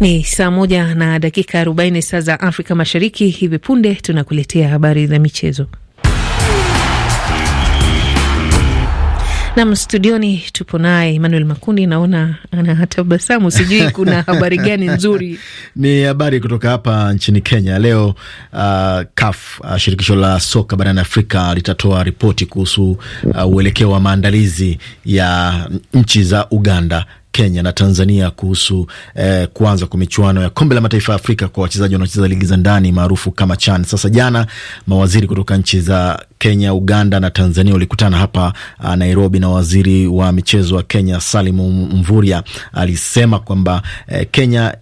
Ni saa moja na dakika arobaini saa za Afrika Mashariki. Hivi punde tunakuletea habari za michezo. Nam studioni tupo naye Emmanuel Makundi, naona anatabasamu, sijui kuna habari gani nzuri. Ni habari kutoka hapa nchini Kenya leo. Uh, CAF uh, shirikisho la soka barani Afrika litatoa ripoti kuhusu uh, uelekeo wa maandalizi ya nchi za Uganda Kenya na Tanzania kuhusu eh, kuanza kwa michuano ya kombe la mataifa ya Afrika kwa wachezaji wanaocheza ligi za ndani maarufu kama CHAN. Sasa jana mawaziri kutoka nchi za Kenya, Uganda na Tanzania walikutana hapa ah, Nairobi, na waziri wa michezo wa Kenya salimu Mvurya alisema kwamba eh, Kenya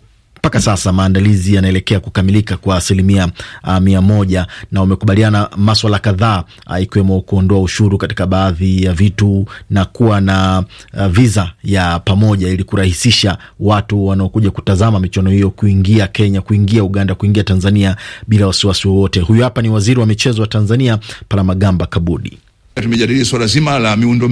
mpaka sasa maandalizi yanaelekea kukamilika kwa asilimia uh, mia moja na wamekubaliana maswala kadhaa uh, ikiwemo kuondoa ushuru katika baadhi ya vitu na kuwa na uh, ah, viza ya pamoja ili kurahisisha watu wanaokuja kutazama michuano hiyo kuingia Kenya, kuingia Uganda, kuingia Tanzania bila wasiwasi wowote. Huyu hapa ni waziri wa michezo wa Tanzania Palamagamba Kabudi. Tumejadili swala zima la miundo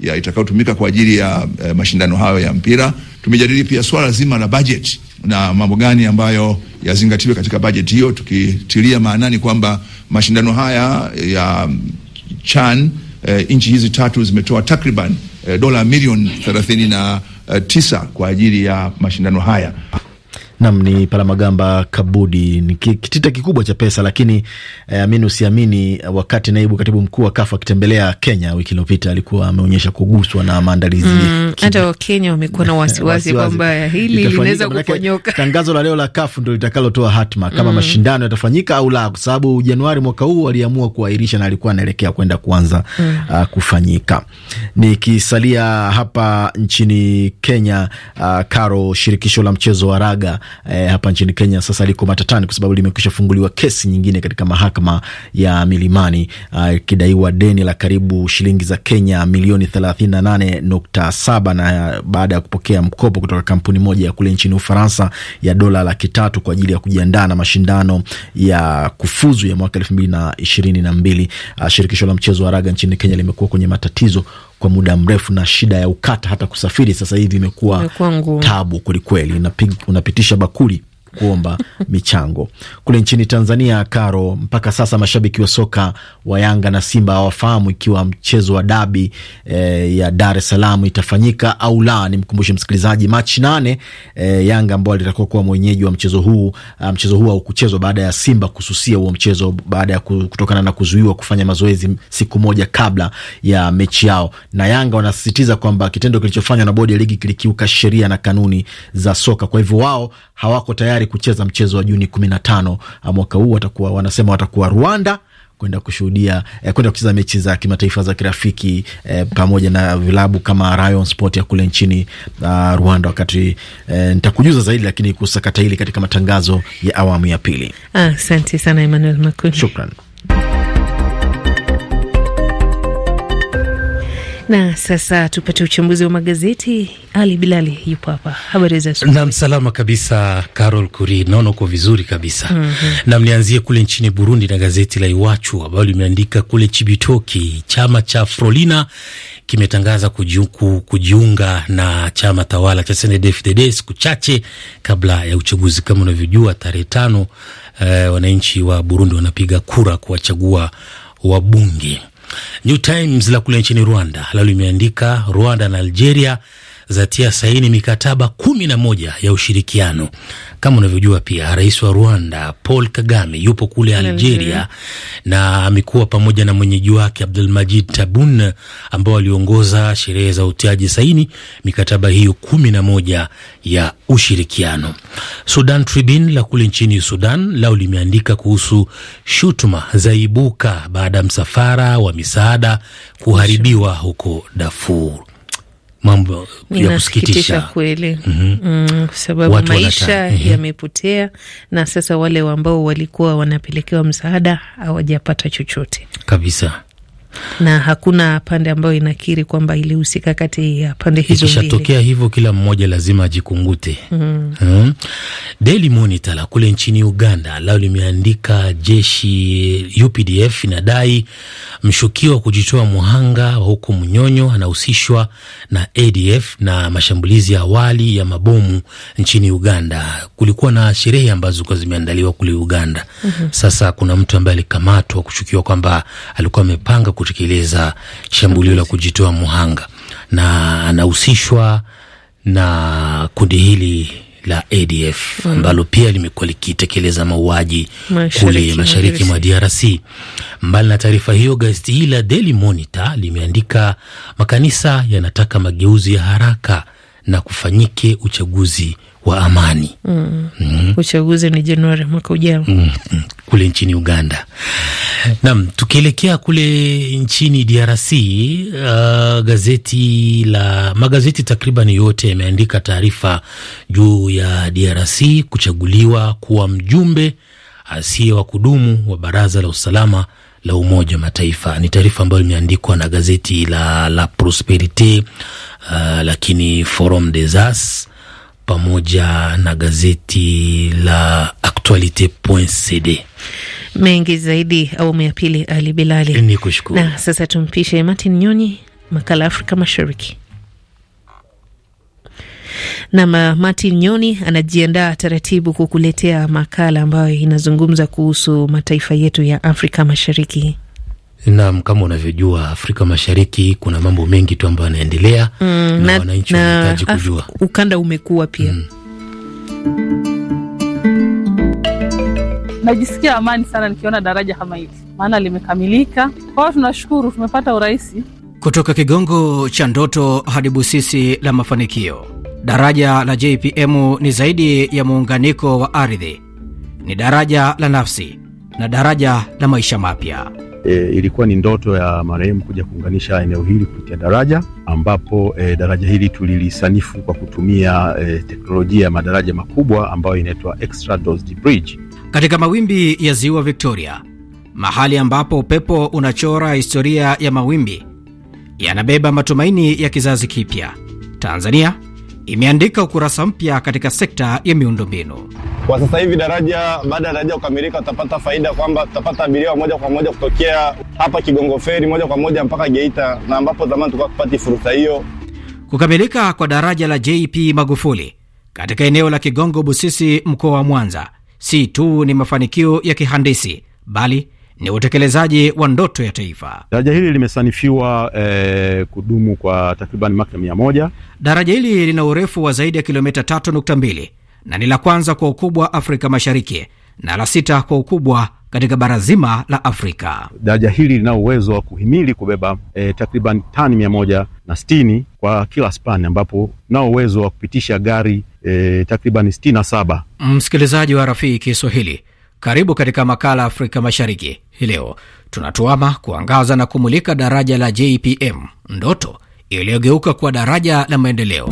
ya itakayotumika kwa ajili ya eh, mashindano hayo ya mpira. Tumejadili pia swala zima la bajeti na mambo gani ambayo yazingatiwe katika bajeti hiyo, tukitilia maanani kwamba mashindano haya ya CHAN eh, nchi hizi tatu zimetoa takriban eh, dola milioni thelathini na eh, tisa kwa ajili ya mashindano haya. Nam ni Palamagamba Kabudi. Ni kitita kikubwa cha pesa, lakini eh, amini usiamini, wakati naibu katibu mkuu wa KAFU akitembelea Kenya wiki iliyopita alikuwa ameonyesha kuguswa na maandalizi. Mm, hata mm, Wakenya wamekuwa na wasiwasi kwamba hili linaweza kufanyika. Tangazo la leo la KAFU ndo litakalotoa hatma kama mm, mashindano yatafanyika au la, kwa sababu Januari mwaka huu waliamua kuahirisha na alikuwa anaelekea kwenda kuanza mm, uh, kufanyika. Nikisalia hapa nchini Kenya, uh, ah, karo shirikisho la mchezo wa raga eh, hapa nchini Kenya sasa liko matatani kwa sababu limekwisha funguliwa kesi nyingine katika mahakama ya Milimani eh, ikidaiwa uh, deni la karibu shilingi za Kenya milioni 38.7 na baada ya kupokea mkopo kutoka kampuni moja ya kule nchini Ufaransa ya dola laki tatu kwa ajili ya kujiandaa na mashindano ya kufuzu ya mwaka elfu mbili na ishirini na mbili. Uh, shirikisho la mchezo wa raga nchini Kenya limekuwa kwenye matatizo kwa muda mrefu, na shida ya ukata, hata kusafiri sasa hivi imekuwa tabu kwelikweli. Unapitisha bakuli kuomba michango. Kule nchini Tanzania, Karo, mpaka sasa mashabiki wa soka wa Yanga na Simba hawafahamu ikiwa mchezo wa dabi eh, ya Dar es Salaam itafanyika au la. Nimkumbushe msikilizaji, Machi nane eh, Yanga ambao alitakiwa kuwa mwenyeji wa mchezo huu, ah, mchezo huu haukuchezwa baada ya Simba kususia huo mchezo baada ya kutokana na kuzuiwa kufanya mazoezi siku moja kabla ya mechi yao, na Yanga wanasisitiza kwamba kitendo kilichofanywa na bodi ya ligi kilikiuka sheria na kanuni za soka, kwa hivyo wao hawako tayari tayari kucheza mchezo wa Juni tano ah, mwaka huu. Watakuwa wanasema watakuwa Rwanda kwenda kushuhudia eh, kwenda kucheza mechi za kimataifa za kirafiki eh, pamoja na vilabu kama Rayon Sport ya kule nchini uh, Rwanda. Wakati eh, nitakujuza zaidi, lakini kusakata hili katika matangazo ya awamu ya pili. Ah, asante ah, sana Emmanuel Makuli, shukran. Na sasa tupate uchambuzi wa magazeti. Ali Bilali yupo hapa. Habari za asubuhi. Naam, salama kabisa Carol Kuri, naona uko vizuri kabisa. mm -hmm. Naam, nianzie kule nchini Burundi na gazeti la Iwachu ambayo limeandika kule Chibitoki, chama cha Frolina kimetangaza kujiuku, kujiunga na chama tawala cha CNDD-FDD siku chache kabla ya uchaguzi. Kama unavyojua tarehe tano, eh, wananchi wa Burundi wanapiga kura kuwachagua wabunge New Times la kule nchini Rwanda lalo limeandika Rwanda na Algeria zatia saini mikataba kumi na moja ya ushirikiano. Kama unavyojua pia, rais wa Rwanda Paul Kagame yupo kule Algeria mm -hmm. na amekuwa pamoja na mwenyeji wake Abdulmajid Tabun ambao aliongoza sherehe za utiaji saini mikataba hiyo kumi na moja ya ushirikiano. Sudan Tribune la kule nchini Sudan lao limeandika kuhusu shutuma zaibuka baada ya msafara wa misaada kuharibiwa huko Darfur mambo ya kusikitisha kweli. mm -hmm. Mm, kwa sababu maisha mhm. yamepotea na sasa wale ambao walikuwa wanapelekewa msaada hawajapata chochote kabisa na hakuna pande ambayo inakiri kwamba ilihusika kati ya pande hizo mbili. Ikishatokea hivyo, kila mmoja lazima ajikungute. mm. mm. Daily Monitor la kule nchini Uganda lao limeandika jeshi UPDF inadai mshukiwa kujitoa muhanga huku mnyonyo anahusishwa na ADF na mashambulizi ya awali ya mabomu nchini Uganda. Kulikuwa na sherehe ambazo zilikuwa zimeandaliwa kule Uganda. mm -hmm. Sasa kuna mtu ambaye alikamatwa kushukiwa kwamba alikuwa amepanga kutekeleza shambulio la kujitoa muhanga, na anahusishwa na kundi hili la ADF mm-hmm. ambalo pia limekuwa likitekeleza mauaji kule mashariki mwa DRC. Mbali na taarifa hiyo, gazeti hili la Daily Monitor limeandika makanisa yanataka mageuzi ya haraka na kufanyike uchaguzi wa amani mm. Mm. Uchaguzi ni Januari mwaka ujao mm. mm kule nchini Uganda. nam tukielekea kule nchini DRC, uh, gazeti la magazeti takriban yote yameandika taarifa juu ya DRC kuchaguliwa kuwa mjumbe asiye wa kudumu wa Baraza la Usalama la Umoja wa Mataifa. Ni taarifa ambayo imeandikwa na gazeti la la Prosperite, uh, lakini Forum des As pamoja na gazeti la actualite.cd. Mengi zaidi awamu ya pili, Ali Bilali. Ni kushukuru. Na sasa tumpishe Martin Nyonyi, makala Afrika Mashariki. na Martin Nyoni anajiandaa taratibu kukuletea makala ambayo inazungumza kuhusu mataifa yetu ya Afrika Mashariki. Naam, kama unavyojua Afrika Mashariki kuna mambo mengi tu ambayo yanaendelea mm, na wananchi wanahitaji kujua. Ukanda umekuwa pia mm. Najisikia amani sana nikiona daraja kama hili, maana limekamilika. Kwa hiyo tunashukuru tumepata urahisi Kutoka kigongo cha ndoto hadi busisi la mafanikio, daraja la JPM ni zaidi ya muunganiko wa ardhi, ni daraja la nafsi na daraja la maisha mapya. E, ilikuwa ni ndoto ya marehemu kuja kuunganisha eneo hili kupitia daraja ambapo e, daraja hili tulilisanifu kwa kutumia e, teknolojia ya madaraja makubwa ambayo inaitwa extra bridge. Katika mawimbi ya ziwa Victoria, mahali ambapo upepo unachora historia ya mawimbi, yanabeba matumaini ya kizazi kipya Tanzania imeandika ukurasa mpya katika sekta ya miundombinu. Kwa sasa hivi daraja baada ya daraja kukamilika, utapata faida kwamba tutapata abiria moja kwa moja kutokea hapa Kigongo Feri moja kwa moja mpaka Geita, na ambapo zamani tulikuwa kupati fursa hiyo. Kukamilika kwa daraja la JP Magufuli katika eneo la Kigongo Busisi, mkoa wa Mwanza, si tu ni mafanikio ya kihandisi bali ni utekelezaji wa ndoto ya taifa. Daraja hili limesanifiwa eh, kudumu kwa takriban maka mia moja. Daraja hili lina urefu wa zaidi ya kilomita 3.2 na ni la kwanza kwa ukubwa Afrika Mashariki na la sita kwa ukubwa katika bara zima la Afrika. Daraja hili lina uwezo wa kuhimili kubeba eh, takriban tani mia moja na sitini kwa kila span, ambapo nao uwezo wa kupitisha gari eh, takriban sitini na saba. Msikilizaji wa Rafii Kiswahili, karibu katika makala Afrika Mashariki. Hii leo tunatuama kuangaza na kumulika daraja la JPM, ndoto iliyogeuka kuwa daraja la maendeleo.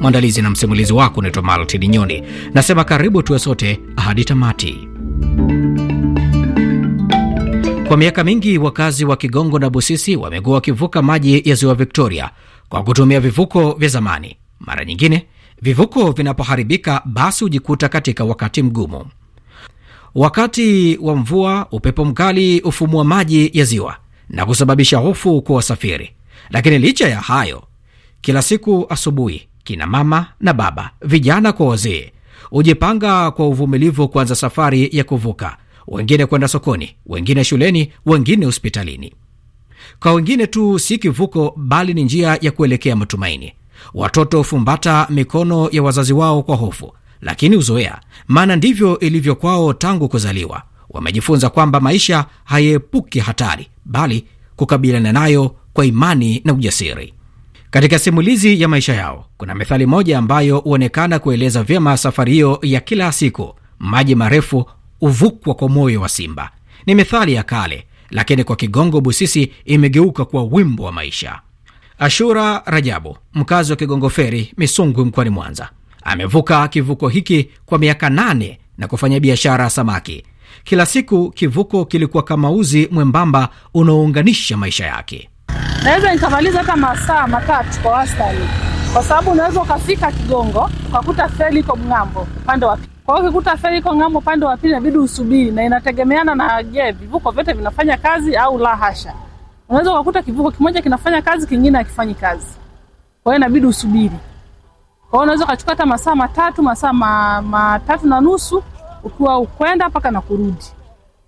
Mwandalizi na msimulizi wako unaitwa Maltin Nyoni. Nasema karibu tuwe sote hadi tamati. Kwa miaka mingi wakazi wa Kigongo na Busisi wamekuwa wakivuka maji ya ziwa Victoria kwa kutumia vivuko vya zamani. Mara nyingine vivuko vinapoharibika, basi hujikuta katika wakati mgumu. Wakati wa mvua, upepo mkali hufumua maji ya ziwa na kusababisha hofu kwa wasafiri. Lakini licha ya hayo, kila siku asubuhi, kina mama na baba, vijana kwa wazee, hujipanga kwa uvumilivu kuanza safari ya kuvuka, wengine kwenda sokoni, wengine shuleni, wengine hospitalini. Kwa wengine tu si kivuko, bali ni njia ya kuelekea matumaini. Watoto hufumbata mikono ya wazazi wao kwa hofu lakini uzoea, maana ndivyo ilivyo kwao tangu kuzaliwa. Wamejifunza kwamba maisha hayaepuki hatari, bali kukabiliana nayo kwa imani na ujasiri. Katika simulizi ya maisha yao kuna methali moja ambayo huonekana kueleza vyema safari hiyo ya kila siku: maji marefu huvukwa kwa moyo wa simba. Ni methali ya kale, lakini kwa Kigongo Busisi imegeuka kuwa wimbo wa maisha. Ashura Rajabu, mkazi wa Kigongo Feri, Misungwi, mkoani Mwanza. Amevuka kivuko hiki kwa miaka nane na kufanya biashara ya samaki. Kila siku kivuko kilikuwa kama uzi mwembamba unaounganisha maisha yake. Naweza nikamaliza hata masaa matatu kwa wastani, kwa sababu unaweza ukafika Kigongo ukakuta feri iko ng'ambo upande wa pili. Kwa hiyo ukikuta feri iko ng'ambo upande wa pili, inabidi usubiri, na inategemeana na je, vivuko vyote vinafanya kazi au la hasha. Unaweza ukakuta kivuko kimoja kinafanya kazi, kingine hakifanyi kazi, kwa hiyo inabidi usubiri. Kwa hiyo unaweza ukachukua hata masaa matatu masaa matatu na nusu ukiwa ukwenda mpaka na kurudi,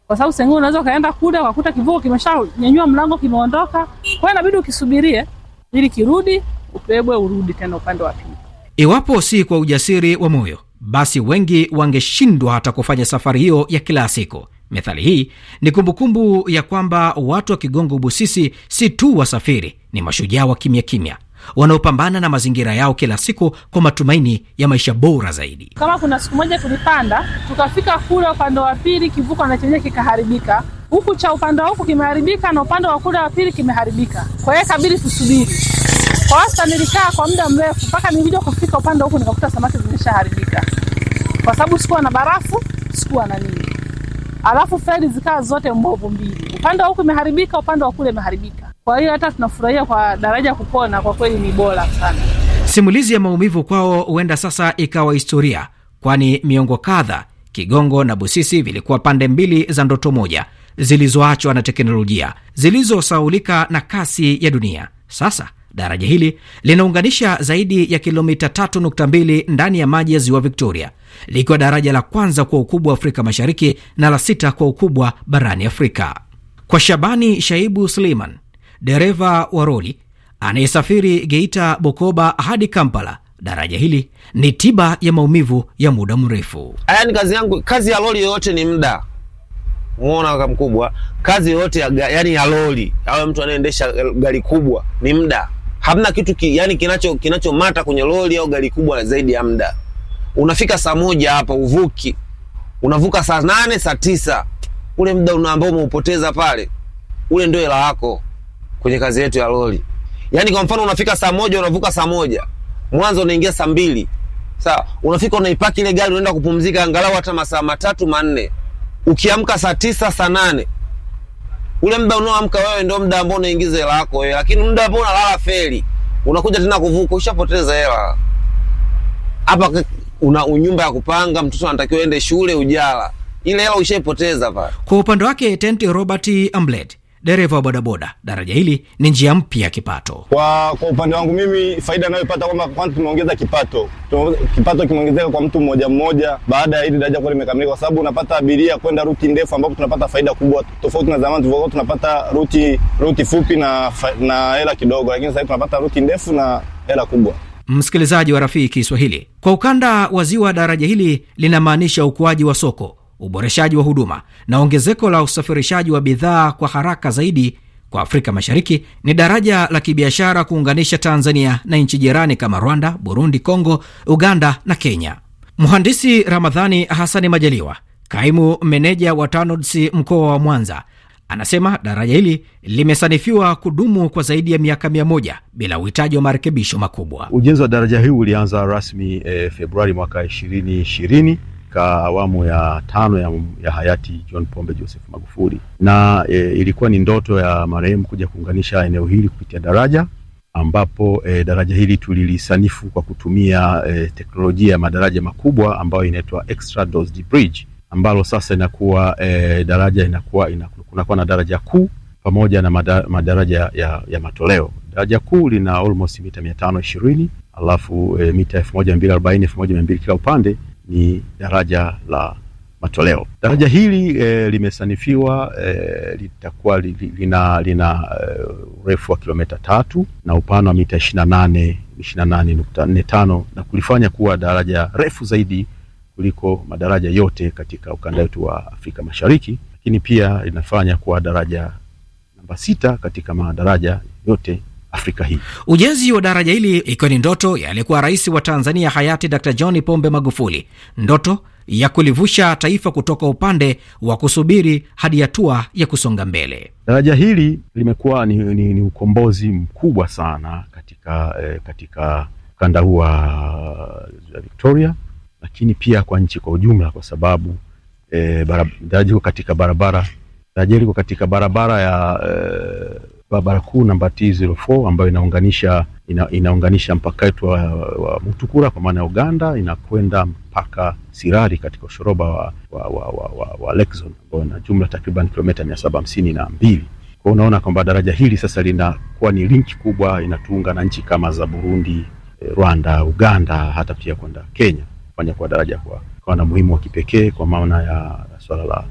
kwa sababu sengine unaweza ukaenda kule ukakuta kivuko kimeshanyanyua mlango kimeondoka, kwa hiyo inabidi ukisubirie ili kirudi, ubebwe, urudi tena upande wa pili. Iwapo si kwa ujasiri wa moyo, basi wengi wangeshindwa hata kufanya safari hiyo ya kila siku. Methali hii ni kumbukumbu ya kwamba watu wa Kigongo Busisi si tu wasafiri, ni mashujaa wa kimya kimya wanaopambana na mazingira yao kila siku kwa matumaini ya maisha bora zaidi. Kama kuna siku moja tulipanda tukafika kule upande wa pili, kivuko na chenyewe kikaharibika, huku cha upande wa huku kimeharibika na upande wa kule wa pili kimeharibika. Kwa hiyo kabidi tusubiri kwa wasa. Nilikaa kwa muda mrefu mpaka nilivyo kufika upande wa huku nikakuta samaki zimeshaharibika kwa sababu sikuwa na barafu, sikuwa na nini, alafu feri zikawa zote mbovu mbili, upande wa huku imeharibika, upande wa kule imeharibika. Kwa hiyo hata tunafurahia kwa daraja kupona, kwa kweli ni bora sana. Simulizi ya maumivu kwao huenda sasa ikawa historia, kwani miongo kadha Kigongo na Busisi vilikuwa pande mbili za ndoto moja zilizoachwa na teknolojia, zilizosaulika na kasi ya dunia. Sasa daraja hili linaunganisha zaidi ya kilomita 3.2 ndani ya maji ya ziwa Victoria, likiwa daraja la kwanza kwa ukubwa Afrika Mashariki na la sita kwa ukubwa barani Afrika. Kwa Shabani Shaibu Suleiman, dereva wa roli anayesafiri Geita, Bukoba hadi Kampala. Daraja hili ni tiba ya maumivu ya muda mrefu. Yani kazi yangu, kazi ya roli yoyote ni muda muona kaka mkubwa, kazi yoyote ya, yani ya roli awe mtu anayeendesha gari kubwa ni muda. Hamna kitu ki, yani kinacho kinachomata kwenye roli au gari kubwa zaidi ya muda. Unafika saa moja hapa uvuki, unavuka saa nane saa tisa ule muda ambao umeupoteza pale, ule ndio hela yako kwenye kazi yetu ya lori. Yaani kwa mfano unafika saa moja unavuka saa moja. Mwanzo unaingia saa mbili. Sawa, unafika unaipaki ile gari unaenda kupumzika angalau hata masaa matatu manne. Ukiamka saa tisa, saa nane. Ule muda unaoamka wewe ndio muda ambao unaingiza hela yako wewe, lakini muda ambao unalala feli, unakuja tena kuvuka, ushapoteza hela. Hapa una nyumba ya kupanga, mtoto anatakiwa ende shule, ujala. Ile hela ushaipoteza pale. Kwa upande wake Tent Robert Amblet dereva wa bodaboda, daraja hili ni njia mpya ya kipato. Kwa, kwa upande wangu mimi faida anayopata kwamba kwanza tumeongeza kipato, kipato kimeongezeka kwa mtu mmoja mmoja baada ya hili daraja kuwa limekamilika, kwa sababu unapata abiria kwenda ruti ndefu, ambapo tunapata faida kubwa, tofauti na zamani tulivyokuwa tunapata ruti ruti fupi na na hela kidogo, lakini sasa tunapata ruti ndefu na hela kubwa. Msikilizaji wa rafiki Kiswahili, kwa ukanda wa ziwa daraja hili linamaanisha ukuaji wa soko uboreshaji wa huduma na ongezeko la usafirishaji wa bidhaa kwa haraka zaidi kwa Afrika Mashariki ni daraja la kibiashara kuunganisha Tanzania na nchi jirani kama Rwanda, Burundi, Kongo, Uganda na Kenya. Mhandisi Ramadhani Hasani Majaliwa, kaimu meneja wa TANROADS mkoa wa Mwanza, anasema daraja hili limesanifiwa kudumu kwa zaidi ya miaka mia moja bila uhitaji wa marekebisho makubwa. Ujenzi wa daraja hii ulianza rasmi e, Februari mwaka ishirini katika awamu ya tano ya, ya hayati John Pombe Joseph Magufuli, na e, ilikuwa ni ndoto ya marehemu kuja kuunganisha eneo hili kupitia daraja ambapo e, daraja hili tulilisanifu kwa kutumia e, teknolojia ya madaraja makubwa ambayo inaitwa extra dosed bridge, ambalo sasa inakuwa e, daraja inakuwa kunakuwa na daraja kuu pamoja na madaraja ya, ya matoleo. Daraja kuu lina almost mita mia tano ishirini alafu e, mita elfu moja mia mbili arobaini elfu moja mia mbili kila upande, ni daraja la matoleo. Daraja hili e, limesanifiwa e, litakuwa li, lina, lina eh, urefu wa kilomita tatu na upana wa mita 28 28.45 na kulifanya kuwa daraja refu zaidi kuliko madaraja yote katika ukanda wetu wa Afrika Mashariki, lakini pia linafanya kuwa daraja namba sita katika madaraja yote Afrika hii. Ujenzi wa daraja hili ikiwa ni ndoto ya aliyekuwa rais wa Tanzania hayati Dr. John Pombe Magufuli, ndoto ya kulivusha taifa kutoka upande wa kusubiri hadi hatua ya kusonga mbele. Daraja hili limekuwa ni, ni, ni ukombozi mkubwa sana katika, eh, katika kanda huu wa Victoria, lakini pia kwa nchi kwa ujumla, kwa sababu eh, daraja liko katika barabara daraja liko katika barabara ya eh, barabara kuu namba T04 ambayo inaunganisha ina, inaunganisha mpaka wetu wa, wa Mutukura kwa maana ya Uganda inakwenda mpaka Sirari katika ushoroba wa, wa, wa, wa, wa, wa Lexon ambao na jumla takriban kilomita mia saba hamsini na mbili. Kwa unaona kwamba daraja hili sasa linakuwa ni linki kubwa inatuunga na nchi kama za Burundi, eh, Rwanda, Uganda hata pia kwenda Kenya kufanya kwa daraja kwa, kwa na muhimu wa kipekee kwa maana ya swala la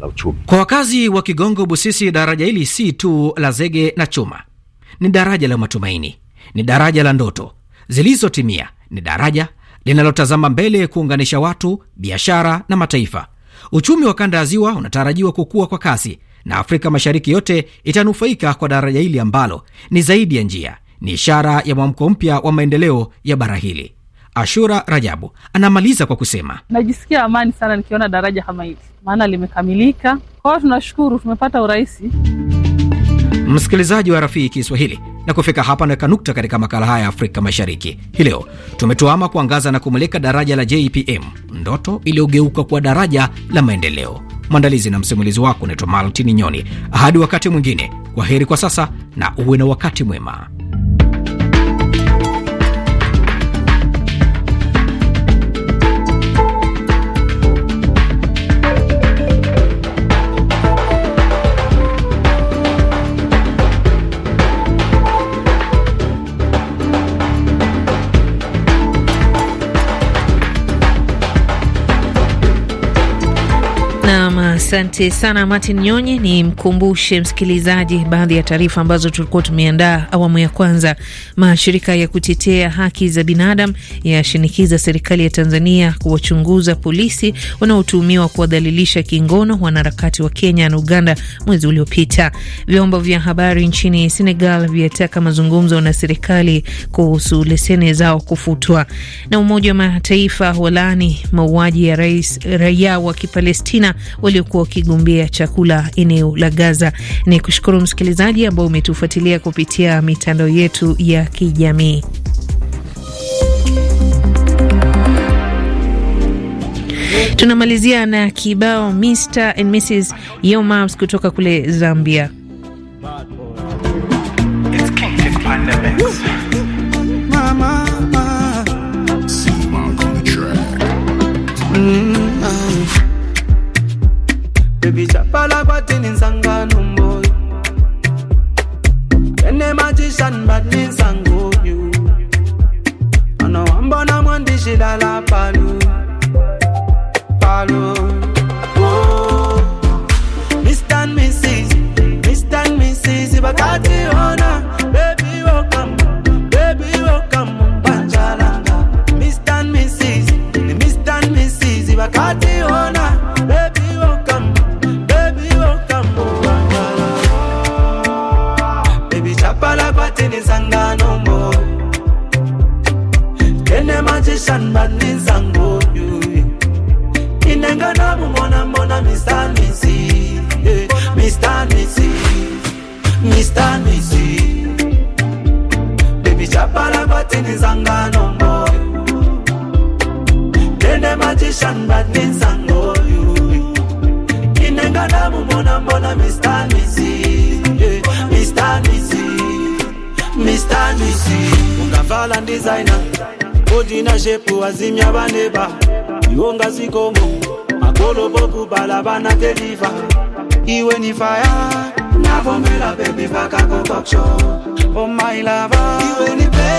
la uchumi. Kwa wakazi wa Kigongo Busisi, daraja hili si tu la zege na chuma, ni daraja la matumaini, ni daraja la ndoto zilizotimia, ni daraja linalotazama mbele kuunganisha watu, biashara na mataifa. Uchumi wa kanda ya ziwa unatarajiwa kukua kwa kasi na Afrika Mashariki yote itanufaika kwa daraja hili ambalo ni zaidi ya njia, ni ishara ya mwamko mpya wa maendeleo ya bara hili. Ashura Rajabu anamaliza kwa kusema, najisikia amani sana nikiona daraja kama hili, maana limekamilika. Kwa hiyo tunashukuru tumepata urahisi. Msikilizaji wa Rafiki Kiswahili, na kufika hapa naweka nukta katika makala haya ya Afrika Mashariki hii leo. Tumetuama kuangaza na kumulika daraja la JPM, ndoto iliyogeuka kuwa daraja la maendeleo. Mwandalizi na msimulizi wako unaitwa Maltini Nyoni. Hadi wakati mwingine, kwa heri kwa sasa na uwe na wakati mwema. Asante sana Martin Nyonyi. Ni mkumbushe msikilizaji baadhi ya taarifa ambazo tulikuwa tumeandaa awamu ya kwanza. Mashirika ya kutetea haki za binadamu yashinikiza serikali ya Tanzania kuwachunguza polisi wanaotuhumiwa kuwadhalilisha kingono wanaharakati wa Kenya na Uganda mwezi uliopita. Vyombo vya habari nchini Senegal vyataka mazungumzo na serikali kuhusu leseni zao kufutwa. Na Umoja wa Mataifa walaani mauaji ya rais raia wa Kipalestina waliokuwa wakigombea chakula eneo la Gaza. Ni kushukuru msikilizaji ambao umetufuatilia kupitia mitandao yetu ya kijamii. Tunamalizia na kibao Mr and Mrs Yomabs kutoka kule Zambia. Mama, mama. Baby, chapa la guatin in sanga tinizangano ngoyo magician bad means angoyo Inengada mumona mbona Mr. Nisi Mr. Nisi Mr. Nisi Ungavala designer Odina baneba Yonga boku balabana Iwe ni fire Navomela baby concoction Oh my lover Iwe ni baby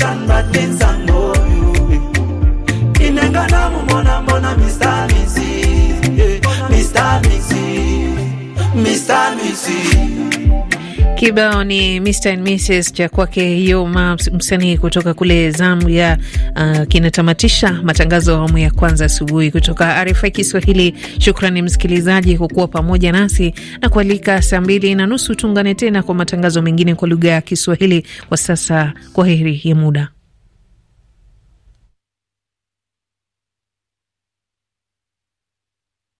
politician, bad things and go Inengana mumona mona Mr. Mixi Mr. Mixi Mr. Mixi Kibao ni Mr and Mrs cha kwake ma msanii kutoka kule Zambia. Uh, kinatamatisha matangazo ya awamu ya kwanza asubuhi kutoka RFI Kiswahili. Shukrani msikilizaji kwa kuwa pamoja nasi na kualika, saa mbili na nusu tuungane tena kwa matangazo mengine kwa lugha ya Kiswahili. Kwa sasa, kwa heri ya muda.